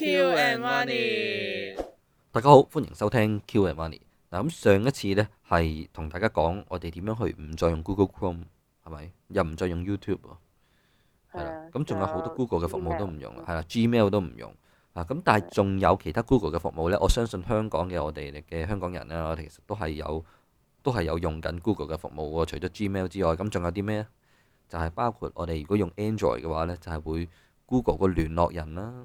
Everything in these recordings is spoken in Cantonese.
Q and Money，大家好，歡迎收聽 Q and Money。嗱，咁上一次咧，係同大家講，我哋點樣去唔再用 Google Chrome 係咪？又唔再用 YouTube 係啦。咁仲有好多 Google 嘅服務都唔用啦，係啦，Gmail 都唔用啊。咁但係仲有其他 Google 嘅服務咧，我相信香港嘅我哋嘅香港人咧，我哋其實都係有都係有用緊 Google 嘅服務噶。除咗 Gmail 之外，咁仲有啲咩咧？就係包括我哋如果用 Android 嘅話咧，就係會 Google 個聯絡人啦。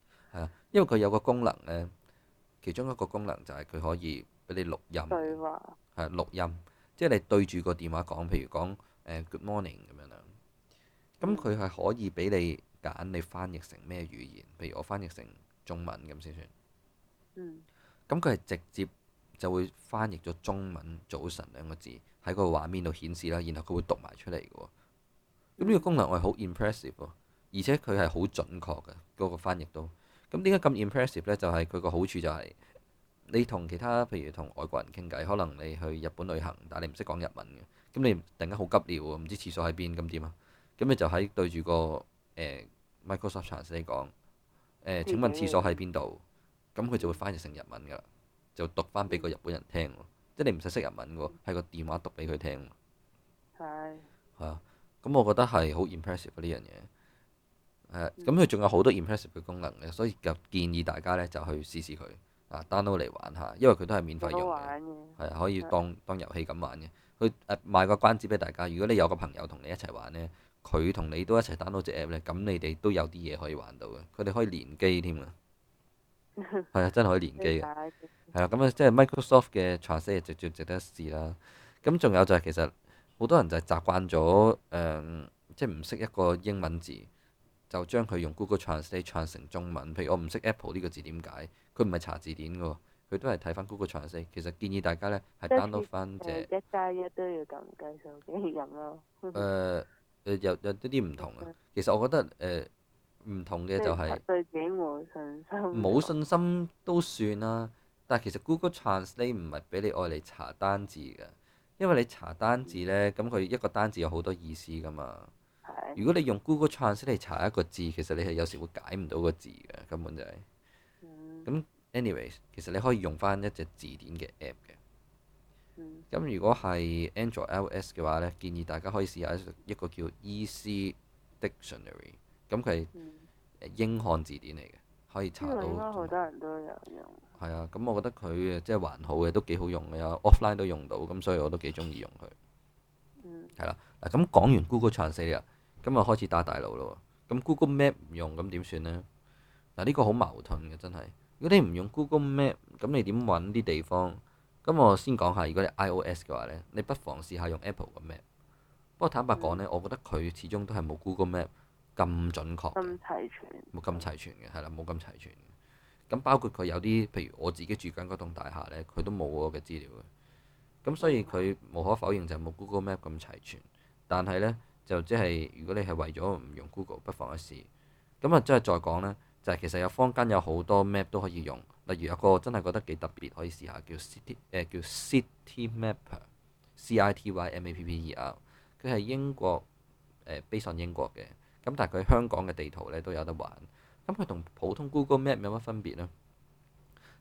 係啊，因為佢有個功能咧，其中一個功能就係佢可以俾你錄音，係錄話音，即係你對住個電話講，譬如講、呃、Good morning 咁樣啦。咁佢係可以俾你揀你翻譯成咩語言，譬如我翻譯成中文咁先算。咁佢係直接就會翻譯咗中文早晨兩個字喺個畫面度顯示啦，然後佢會讀埋出嚟嘅喎。咁、嗯、呢、呢個功能我係好 impressive 喎，而且佢係好準確嘅嗰個翻譯都。咁點解咁 impressive 咧？就係佢個好處就係、是、你同其他譬如同外國人傾偈，可能你去日本旅行，但係你唔識講日文嘅，咁你突然間好急尿喎，唔知廁所喺邊，咁點啊？咁你就喺對住個、呃、Microsoft Translate 講、呃、請問廁所喺邊度？咁佢就會翻譯成日文㗎啦，就讀翻俾個日本人聽喎，即係你唔使識日文喎，係個電話讀俾佢聽喎。係、嗯。係啊，咁我覺得係好 impressive 嗰啲樣嘢。這個誒咁佢仲有好多 impressive 嘅功能嘅，所以就建議大家咧就去試試佢啊 download 嚟玩下，因為佢都係免費用嘅，係可以當的當遊戲咁玩嘅。佢誒賣個關子俾大家，如果你有個朋友同你一齊玩呢，佢同你都一齊 download 隻 app 呢，咁你哋都有啲嘢可以玩到嘅，佢哋可以連機添啊，係啊 真係可以連機嘅，係啊咁啊，即係 Microsoft 嘅 transc 係最值得試啦。咁仲有就係其實好多人就係習慣咗誒即係唔識一個英文字。就將佢用 Google Translate 譯成中文，譬如我唔識 Apple 呢個字點解，佢唔係查字典嘅喎，佢都係睇翻 Google Translate。其實建議大家呢係 download 翻隻一加一都要撳計數機嘅咁咯。誒有有啲啲唔同啊，其實我覺得誒呃、唔同嘅就係對自己冇信心。冇信心都算啦，但係其實 Google Translate 唔係俾你愛嚟查單字嘅，因為你查單字呢，咁佢一個單字有好多意思噶嘛。如果你用 Google Translate 嚟查一個字，其實你係有時會解唔到個字嘅，根本就係、是。咁、嗯、anyways，其實你可以用翻一隻字典嘅 app 嘅。咁、嗯、如果係 Android、iOS 嘅話呢，建議大家可以試下一個叫 Easy Dictionary，咁佢係、嗯、英漢字典嚟嘅，可以查到。應該好多人都有用。係啊，咁我覺得佢即係還好嘅，都幾好用嘅，offline、啊、都用到，咁所以我都幾中意用佢。嗯。係啦、啊，嗱咁講完 Google Translate 啊～咁啊開始打大路咯，咁 Google Map 唔用咁點算呢？嗱、啊、呢、呢個好矛盾嘅真係，如果你唔用 Google Map，咁你點揾啲地方？咁我先講下，如果你 iOS 嘅話呢，你不妨試下用 Apple 嘅 Map。不過坦白講呢，嗯、我覺得佢始終都係冇 Google Map 咁準確。咁齊全。冇咁齊全嘅，係啦，冇咁齊全。咁包括佢有啲，譬如我自己住緊嗰棟大廈呢，佢都冇我嘅資料嘅。咁所以佢無可否認就冇 Google Map 咁齊全，但係呢。.就即係如果你係為咗唔用 Google 不妨一試，咁啊即係再講呢，就係、是、其實有坊間有好多 Map 都可以用，例如有個真係覺得幾特別，可以試下叫 City 誒、呃、叫 City Mapper，、I T y、m a p c I T Y M A P P E R，佢係英國誒 Based on 英國嘅，咁但係佢香港嘅地圖呢都有得玩，咁佢同普通 Google Map 有乜分別呢？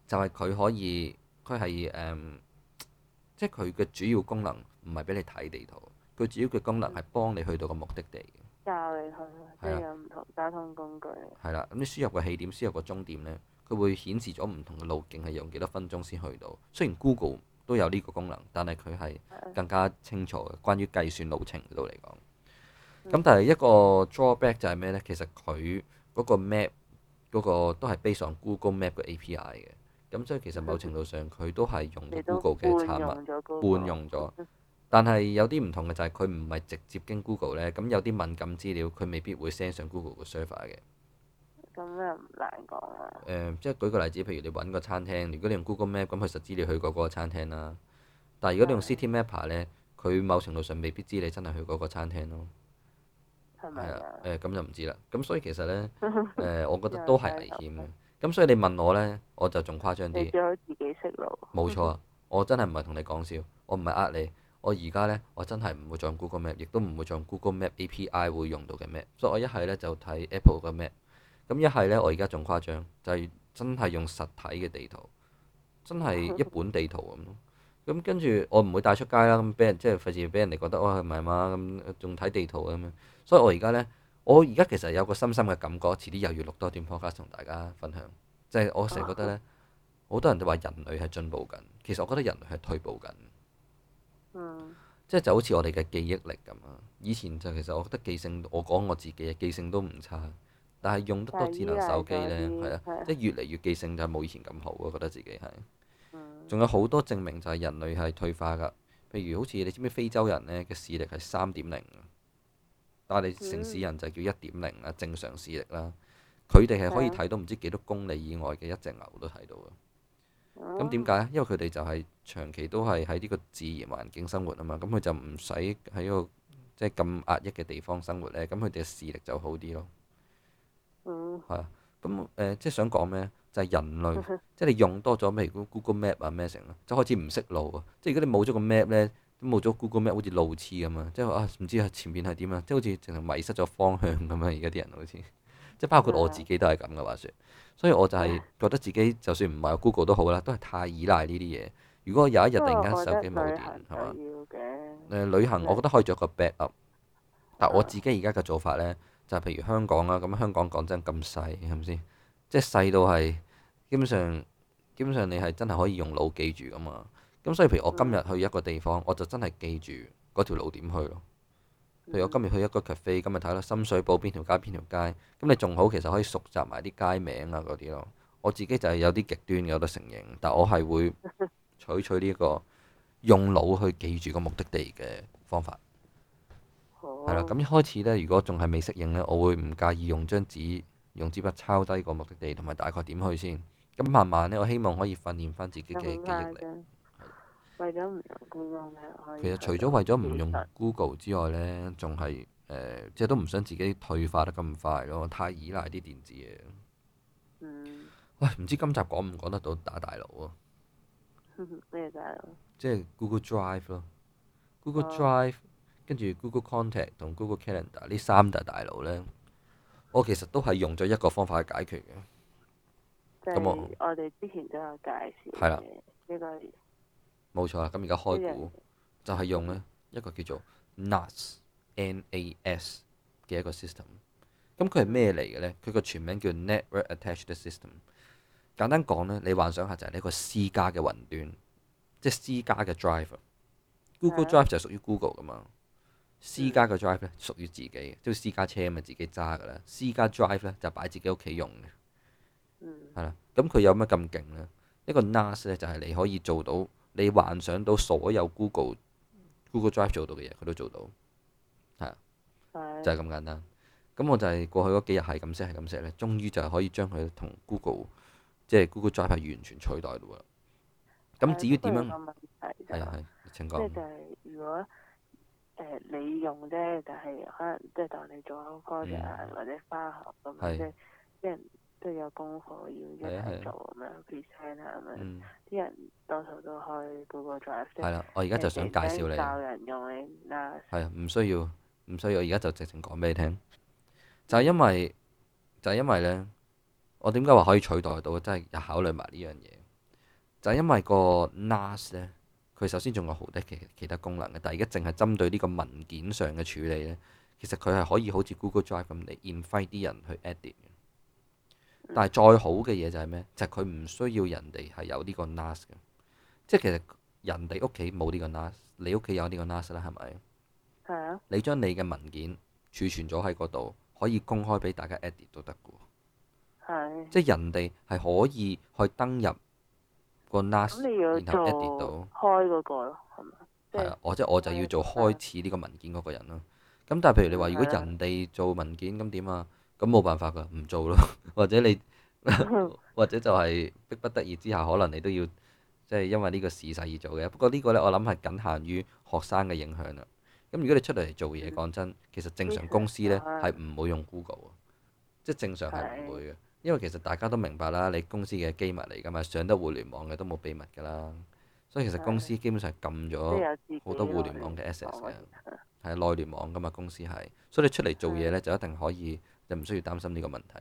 就係、是、佢可以，佢係誒，即係佢嘅主要功能唔係俾你睇地圖。佢主要嘅功能係幫你去到個目的地的，教你去即係有唔同交通工具。係啦，咁你輸入個起點、輸入個終點咧，佢會顯示咗唔同嘅路徑係用幾多分鐘先去到。雖然 Google 都有呢個功能，但係佢係更加清楚嘅關於計算路程度嚟講。咁、嗯、但係一個 drawback 就係咩咧？其實佢嗰個 map 嗰個都係 based on Google Map 嘅 API 嘅。咁所以其實某程度上佢都係用到 Google 嘅產品，半用咗。但係有啲唔同嘅就係佢唔係直接經 Google 呢。咁有啲敏感資料佢未必會 send 上 Google 嘅 server 嘅。咁又唔難講啊、呃！即係舉個例子，譬如你揾個餐廳，如果你用 Google Map，咁佢實知你去過嗰個餐廳啦。但係如果你用 City Mapper 呢，佢某程度上未必知你真係去過個餐廳咯。係咪？咁就唔知啦。咁所以其實呢， 呃、我覺得都係危險嘅。咁所以你問我呢，我就仲誇張啲。自己識路。冇 錯，我真係唔係同你講笑，我唔係呃你。我而家呢，我真係唔會再用 Google Map，亦都唔會再用 Google Map API 會用到嘅 map，所以我一係呢，就睇 Apple 嘅 map。咁一係呢，我而家仲誇張，就係、是、真係用實體嘅地圖，真係一本地圖咁。咁跟住我唔會帶出街啦，咁俾人即係費事俾人哋覺得哇係咪嘛咁，仲、哎、睇地圖咁樣。所以我而家呢，我而家其實有個深深嘅感覺，遲啲又要錄多段 Podcast 同大家分享。即、就、係、是、我成日覺得呢，好、啊、多人都話人類係進步緊，其實我覺得人類係退步緊。嗯、即係就好似我哋嘅記憶力咁啊！以前就其實我覺得記性，我講我自己啊，記性都唔差。但係用得多智能手機呢，係、嗯嗯、啊，即係越嚟越記性就冇以前咁好啊！覺得自己係。仲、嗯、有好多證明就係人類係退化㗎。譬如好似你知唔知非洲人呢嘅視力係三點零，但係你城市人就叫一點零啦，正常視力啦。佢哋係可以睇到唔知幾多公里以外嘅一隻牛都睇到啊！點解啊？因為佢哋就係長期都係喺呢個自然環境生活啊嘛，咁佢就唔使喺個即係咁壓抑嘅地方生活咧，咁佢哋嘅視力就好啲咯。嗯。啊，咁誒、呃、即係想講咩？就係、是、人類即係、就是、你用多咗譬如 Google Map 啊咩成啊，就開始唔識路，map，路啊。即係如果你冇咗個 map 咧，冇咗 Google Map 好似路痴咁啊！即係啊，唔知係前面係點啊！即係好似淨係迷失咗方向咁啊！而家啲人好似～即包括我自己都係咁嘅話説，所以我就係覺得自己就算唔買 Google 都好啦，都係太依賴呢啲嘢。如果有一日突然間手機冇電，係嘛？誒吧，旅行我覺得可以做一個 backup 的。但我自己而家嘅做法呢，就係、是、譬如香港啦，咁香港講真咁細，係咪先？即係細到係基本上基本上你係真係可以用腦記住㗎嘛。咁所以譬如我今日去一個地方，的我就真係記住嗰條路點去咯。譬如我今日去一個 cafe，今日睇咯深水埗邊條街、邊條街，咁你仲好其實可以熟習埋啲街名啊嗰啲咯。我自己就係有啲極端，有得承認，但我係會採取呢個用腦去記住個目的地嘅方法。係啦， 咁一開始呢，如果仲係未適應呢，我會唔介意用張紙用支筆抄低個目的地同埋大概點去先。咁慢慢呢，我希望可以訓練翻自己嘅記憶力。 為咗唔用 Google，其實除咗為咗唔用 Google 之外呢，仲係、呃、即係都唔想自己退化得咁快咯，太依賴啲電子嘢。嗯、喂、唔知今集講唔講得到打大佬啊？咩大佬？即係 Go Google Drive 咯，Google Drive，跟住 Google Contact 同 Google Calendar 呢三大大佬呢，我其實都係用咗一個方法去解決嘅。咁係我哋之前都有介紹嘅呢個。冇錯啦，咁而家開估、嗯、就係用咧一個叫做 NAS，N A S 嘅一個 system。咁佢係咩嚟嘅呢？佢個全名叫 Network Attached System。簡單講呢，你幻想下就係呢一個私家嘅雲端，即係私家嘅 driver。Google Drive 就屬於 Google 噶嘛，私家嘅 drive 咧屬於自己，即係私家車咪自己揸㗎啦。私家 drive 咧就擺自己屋企用嘅，係啦、嗯。咁佢有乜咁勁呢？一個 NAS 咧就係你可以做到。你幻想到所有 Google Google Drive 做到嘅嘢，佢都做到，係啊，就係咁簡單。咁我就係過去嗰幾日係咁寫，係咁寫咧，終於就係可以將佢同 Google 即係 Google Drive 係完全取代嘞喎。咁至於點樣？係啊、係，請講。即係如果誒、呃、你用啫、就係，但係可能即係當你做緊 project 或者翻學咁樣先。係。都有功課要一齊做咁樣，俾 friend 啊咁樣，啲、嗯、人多數都開 Google Drive。係啦，我而家就想介紹你。啲人教人用呢 NAS。係啊，唔需要，唔需要。我而家就直情講俾你聽，就係、是、因為，就係、是、因為咧，我點解話可以取代到？真係又考慮埋呢樣嘢，就係、是、因為個 NAS 咧，佢首先仲有好多其其他功能嘅，但係而家淨係針對呢個文件上嘅處理咧，其實佢係可以好似 Google Drive 咁，你 invite 啲人去 edit。但係再好嘅嘢就係咩？就係佢唔需要人哋係有呢個 NAS 嘅，即係其實人哋屋企冇呢個 NAS，你屋企有呢個 NAS 啦，係咪？係啊。你將你嘅文件儲存咗喺嗰度，可以公開俾大家 edit 都得嘅喎。係。係啊、即係人哋係可以去登入個 NAS，然後 edit 到。開嗰、嗰個咯，係咪？係啊，我即係我就要做開始呢個文件嗰個人咯。咁係、啊、但係譬如你話，如果人哋做文件，咁點啊？咁冇辦法㗎，唔做咯。 或者你， 或者就係逼不得已之下，可能你都要，即係因為呢個時勢而做嘅。不過呢個呢，我諗係僅限於學生嘅影響啦。咁如果你出嚟做嘢，講、嗯、真，其實正常公司呢係唔會用 Google 即係、嗯、正常係唔會嘅。嗯、因為其實大家都明白啦，你公司嘅機密嚟㗎嘛，上得互聯網嘅都冇秘密㗎啦。所以其實公司基本上禁咗好多互聯網嘅 access 嘅。嗯嗯嗯嗯係內聯網㗎嘛，公司係，所以你出嚟做嘢咧就一定可以，就唔需要擔心呢個問題。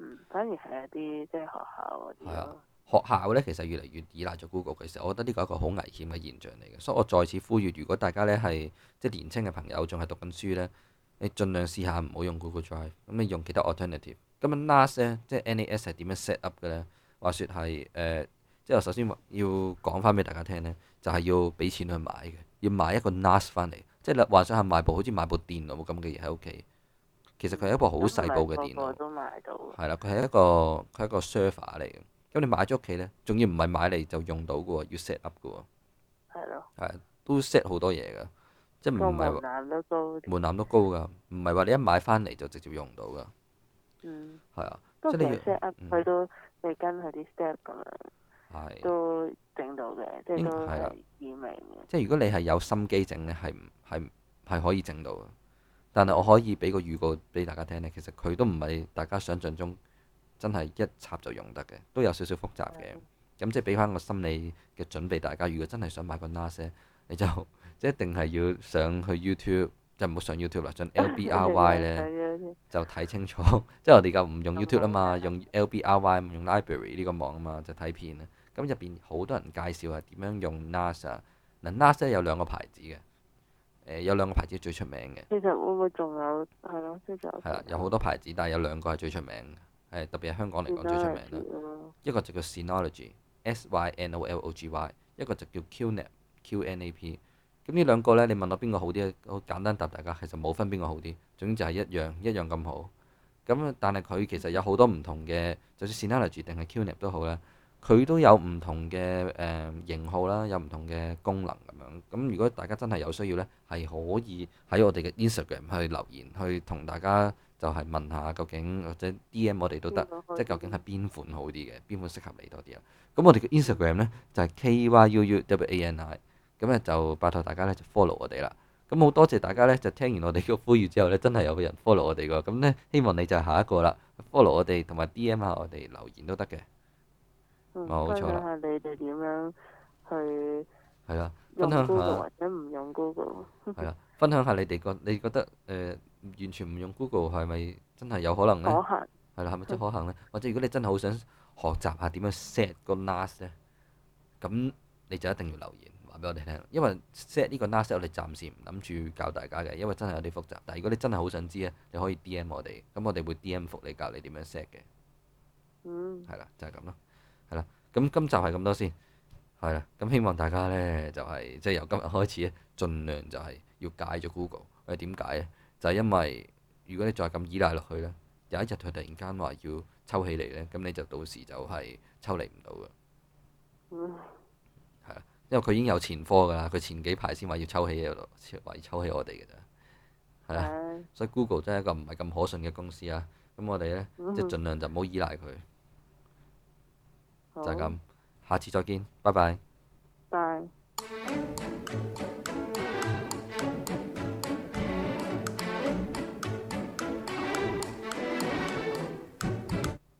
嗯、反而係一啲即係學校嗰啲。係啊，學校咧其實越嚟越依賴咗 Google 嘅時候，我覺得呢個係一個好危險嘅現象嚟嘅，所以我再次呼籲，如果大家咧係即係年青嘅朋友仲係讀緊書咧，你盡量試下唔好用 Google Drive，咁你用其他 alternative。咁啊 NAS 咧，即係 NAS 係點樣 set up 嘅咧？話說係誒、呃，即係我首先要講翻俾大家聽咧，就係、是、要俾錢去買嘅，要買一個 NAS 翻嚟。即係話想係買部好似買部電腦咁嘅嘢，喺屋企，其實佢係一部好細部嘅電腦。個個都買到。係啦，佢係一個佢係一個 server 嚟嘅。咁你買咗屋企咧，仲要唔係買嚟就用到嘅喎，要 set up 嘅喎。係咯的。係，都 set 好多嘢㗎，即係唔係？門檻都高。門檻都高㗎，唔係話你一買翻嚟就直接用到㗎。嗯。係啊的。即、嗯、你要 set up，佢都未跟佢啲 step 咁樣。都整到嘅，即係都耳明、 啊、即係如果你係有心機整咧，係係係可以整到嘅。但係我可以俾個預告俾大家聽咧，其實佢都唔係大家想象中真係一插就用得嘅，都有少少複雜嘅。咁的即係俾翻個心理嘅準備，大家如果真係想買個 NAS 你就即一定係要上去 YouTube，就唔好上 YouTube 啦，上 LBRY 咧， 就睇清楚。即係我哋而家唔用 YouTube 啊嘛，用 LBRY，用 Library 呢個網啊嘛，就睇片啊。咁入邊好多人介紹係點樣用 NAS、啊、嗱、啊、NAS 有兩個牌子嘅、呃，有兩個牌子最出名嘅。其實會唔會仲有係咯？即係係啦，有好多牌子，但係有兩個係最出名嘅，特別喺香港嚟講最出名啦。 一個就叫 Synology，S-Y-N-O-L-O-G-Y；一個就叫 Qnap，Q-N-A-P。咁呢兩個呢，你問到邊個好啲，好簡單答大家，其實冇分邊個好啲，總之就係一樣一樣咁好。咁但係佢其實有好多唔同嘅，就算 Synology 定係 Qnap 都好啦。佢都有唔同嘅誒型號啦，有唔同嘅功能咁樣。咁如果大家真係有需要呢，係可以喺我哋嘅 Instagram 去留言，去同大家就係問下究竟或者 DM 我哋都得，即係究竟係邊款好啲嘅，邊款適合你多啲啊？咁我哋嘅 Instagram 呢，就係 k y u u w a n i，咁咧就拜託大家呢，就 follow 我哋啦。咁好多謝大家呢，就聽完我哋嘅呼籲之後呢，真係有個人 follow 我哋個咁呢，希望你就係下一個啦，follow 我哋同埋 DM 下我哋留言都得嘅。冇錯啦。睇下你哋點樣去係啦，用 Google 或者唔用 Google。係啦，分享下， 分享下你哋覺你覺得誒、呃、完全唔用 Google 係咪真係有可能咧？可行係啦，係咪真可行咧？的或者如果你真係好想學習下點樣 set 個 NAS 咧，咁你就一定要留言話俾我哋聽。因為 set 呢個 NAS 我哋暫時唔諗住教大家嘅，因為真係有啲複雜。但係如果你真係好想知咧，你可以 D M 我哋，咁我哋會 D M 復你教你點樣 set 嘅。嗯。係啦，就係咁咯。係啦，咁今集係咁多先，係啦，咁希望大家呢就係、是、即係由今日開始咧，盡量就係要戒咗 Google。喂，點解咧？就係、是、因為如果你再咁依賴落去呢，有一日佢突然間話要抽起嚟呢，咁你就到時就係抽離唔到㗎。因為佢已經有前科㗎啦，佢前幾排先話要抽起嘅話要抽起我哋㗎啫。係。的所以 Google 真係一個唔係咁可信嘅公司呀。咁我哋呢，即係盡量就唔好依賴佢。就係咁，下次再見，拜拜。bye